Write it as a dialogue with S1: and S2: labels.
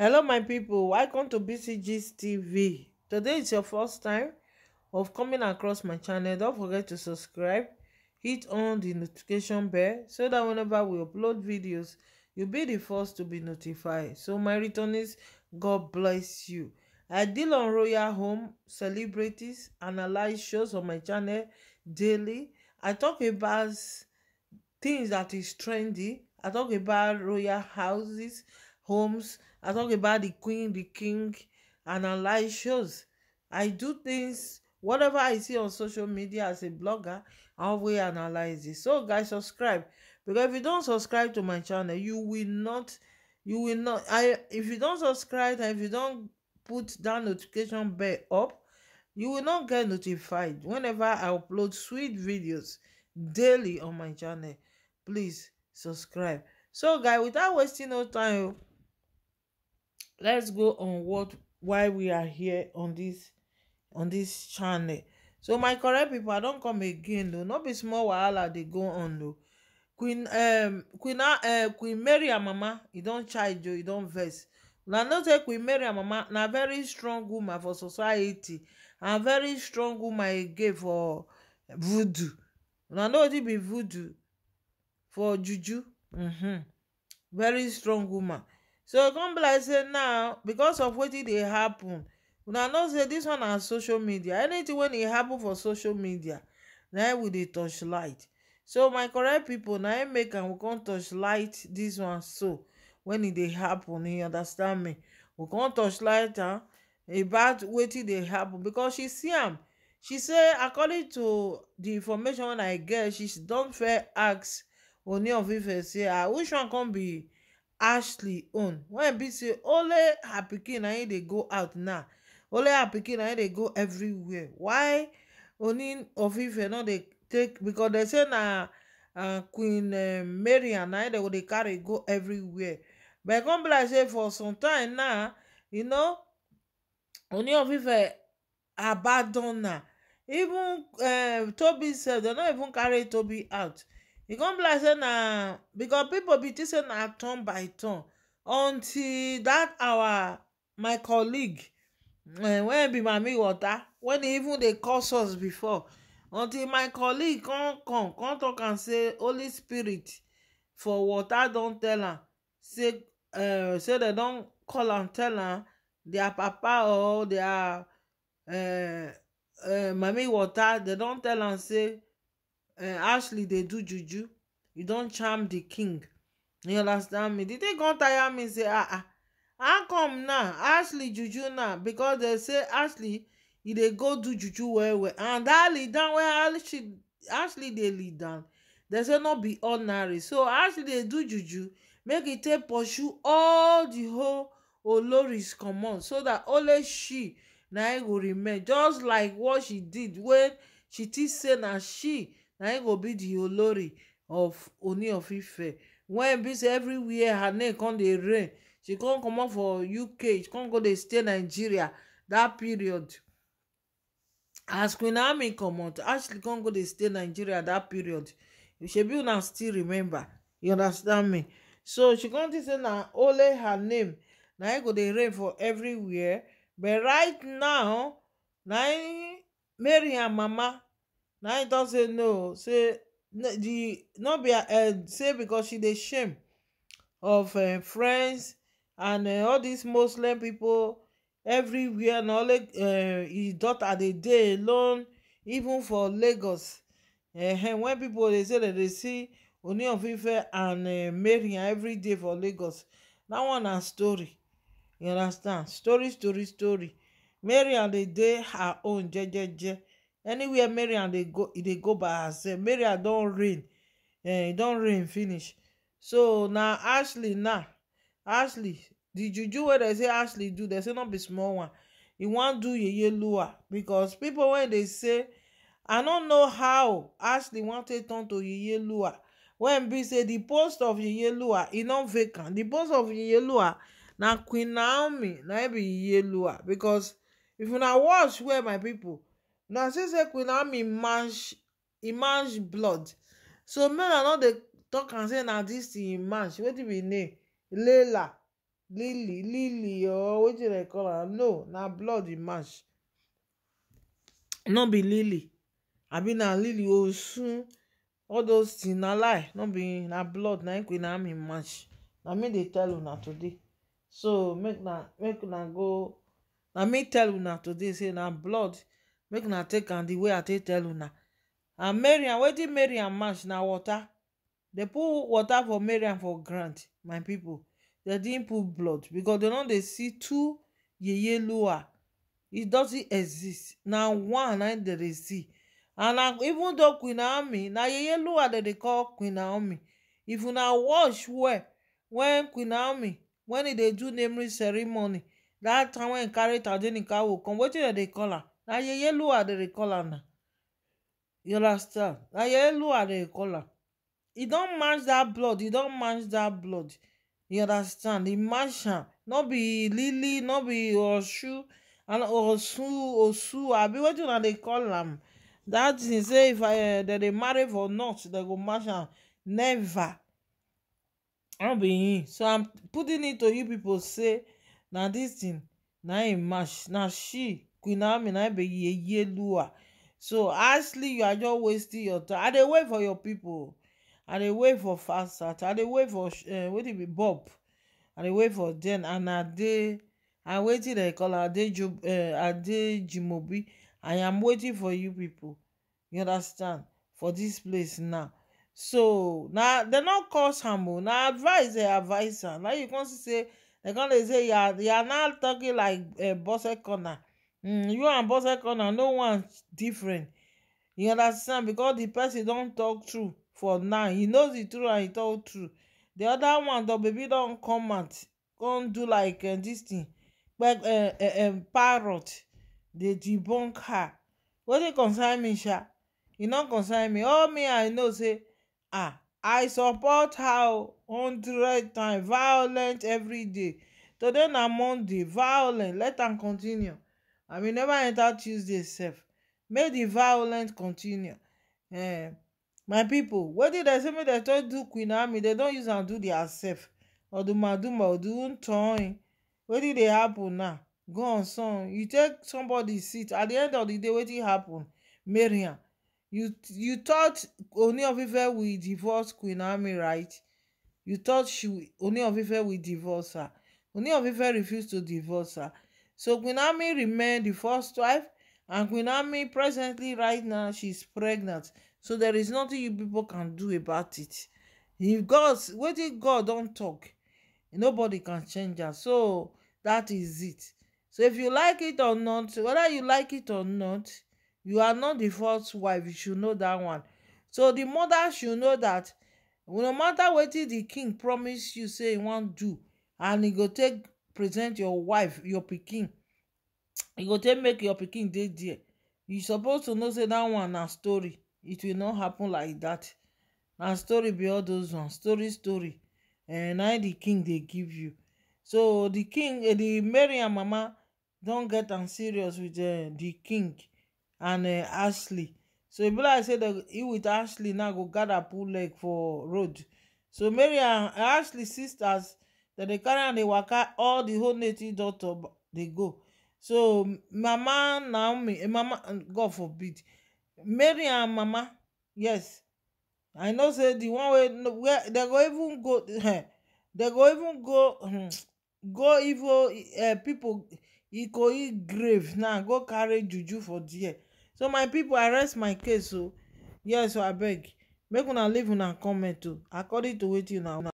S1: hello my people welcome to BCGS tv today is your first time of coming across my channel don't forget to subscribe hit on the notification bell so that whenever we upload videos you'll be the first to be notified so my returnees god bless you i deal on royal home celebrities analyze shows on my channel daily i talk about things that is trendy i talk about royal houses homes I talk about the queen, the king, analyze shows. I do things, whatever I see on social media as a blogger, I always analyze it. So guys, subscribe. Because if you don't subscribe to my channel, you will not, you will not, I, if you don't subscribe and if you don't put that notification bell up, you will not get notified whenever I upload sweet videos daily on my channel. Please subscribe. So guys, without wasting no time, let's go on what why we are here on this on this channel so my correct people i don come again o not be small while they go on o queen um queen uh, uh, Queen mary and mama You don't charge you. You don't verse. na no say queen mary and mama na very strong woman for society A very strong woman again for voodoo know no be voodoo for juju mm-hmm. very strong woman so e come be like say now because of wetin dey happen una know say this one na social media Anything wey dey happen for social media na we dey touch light so my correct people na im make am we come touch light dis one so when e dey happen you understand me we come touch light am about wetin dey happen because she see am she say according to the information wey i get she don fair ask oni of ife say ah which one come be ashley own wen be say only her pikin na im dey go out now only her pikin na im dey go everywhere why oni of ife no dey take because dem say na uh, queen um, mary and na dem go dey carry go everywhere but come be like say for some time now you know oni of ife abandon na even um, Toby sef dem no even carry Toby out e come be like say na because people be think say na turn by turn until that our my colleague eh, wen be mami water wen even dey curse us before until my colleague come come come talk am say holy spirit for water don tell am say uh say dem don call am tell am dia papa or dia eh, mami water dem don tell am say Eh, ashley dey do juju you don charm the king you understand me di thing come tire me say ah ah how come now ashley juju now because they say ashley he dey go do juju well well and dat lead down where ashley Ashley dey lead down They say no be ordinary so ashley dey do juju make e take pursue all the whole oloris comot so that only she na e go remain just like what she did when she think say na she na him go be the olori of oni of ife wen be say everywhere her name come dey rain. she come comot for uk she come go dey stay nigeria that period as queen army comot ashley come go dey stay nigeria that period shebi una still remember you understand me so she come think say na only her name na e go dey rain for everywhere but right now na mary and mama na im don say no say the no be uh, um, say because she dey shame of um, friends and um, all these muslim people everywhere na only his daughter dey dey alone even for lagos ehem when people dey say dem dey see oni of ife and every day for lagos That one na story you understand story story story maria dey dey her own jejeje anywhere mariam they go e dey go by herself mariam don't rain eh e don rain finish so now, ashley now ashley did you do what they say ashley do they say not be small one e wan do ye ye lua because people when they say i don't know how ashley wan to turn to ye ye lua When e be say the post of ye ye lua e not vacant The post of ye ye lua now queen naomi now e be ye lua because if you now watch where my people. na say say queen army match e blood so mena no dey tok am say na dis thing imanj e match wetin be name lela lili lily or wetin dem call am no na blood imanj e no be lily abi na lili osun all those things na lie no be na blood na queen am imanj na me dey tell una today so make na make una go na me tell una today say na blood make una take am the way i take tell una and mariam wetin mariam match na water dey put water for mariam for ground my people. dem didn't put blood because dem no dey see two yeye lua. e doesn't exist na one na im dey see and even though queen naomi na yeye lower dem dey call queen naomi if una watch well when queen naomi when e dey do naming ceremony that time wen e carry tajini kawo come wetin dem dey call am na yeye lua dey recall am na you understand na yeye lua dey recall am e don match that blood e don match that blood you understand e match am no be lily no be osu and osu osu abi wetin una dey call am That thing say if dem eh, dey marry for north dem go match am never no be him so i'm putting it to you people. say na this thing na im match na she queen naomi na be ye ye lua so actually you are just wasting your time i dey wait for your people i dey wait for fast start i dey wait for uh, wetin be bob i dey wait for den and ade and waiting dem call adejo uh, eh, adejimobi i am waiting for you people you understand for this place now so na dem no cause am o na advice dey advice am na you come see say dem come dey say you are you now talking like uh, bose corner mm, you and boss corner no one different you understand because the person don't talk true for now he knows the truth and he talk true the other one the baby don't come out come do like uh, this thing but uh, uh, uh, parrot the debunk her wetin concern me sha e not concern me all me i know say ah i support her oh, hundred times violent every day today na monday violent let am continue and we never enter tuesday sef make the violence continue eh? my people, what did dem say make dem told do queen army They don't use and do their self, or do or do odumaduma What did they happen now go on son you take somebody seat at the end of the day What did happen mariam you you thought only of ife we divorce queen army right you thought she only of ife we divorce her Only of ife refuse to divorce her So Queen remained the first wife, and Queen presently, right now, she's pregnant. So there is nothing you people can do about it. If God, what if God don't talk? Nobody can change her. So that is it. So if you like it or not, whether you like it or not, you are not the first wife. You should know that one. So the mother should know that no matter wetin the king promise you say he won't do and he go take present your wife your pikin you go take make your pikin dey there you suppose to know say dat one na story it will not happen like dat na story be all those ones story story eh, na im di king dey give you so di king di eh, mary mama don get am serious with di eh, king and ashley so e be like say he with ashley now go gather pull leg for road so mary ashley sisters dem dey carry am dey waka all the whole native doctor dey go so mama naomi eh, mama um, god forbid mary and mama yes i know say the one wey dem go even go dem eh, go even go hmm, go even eh, people ikoyi grave now go carry juju for there so my pipo arrest my case o oh. yes o oh, abeg make una leave una comment o oh, according to wetin una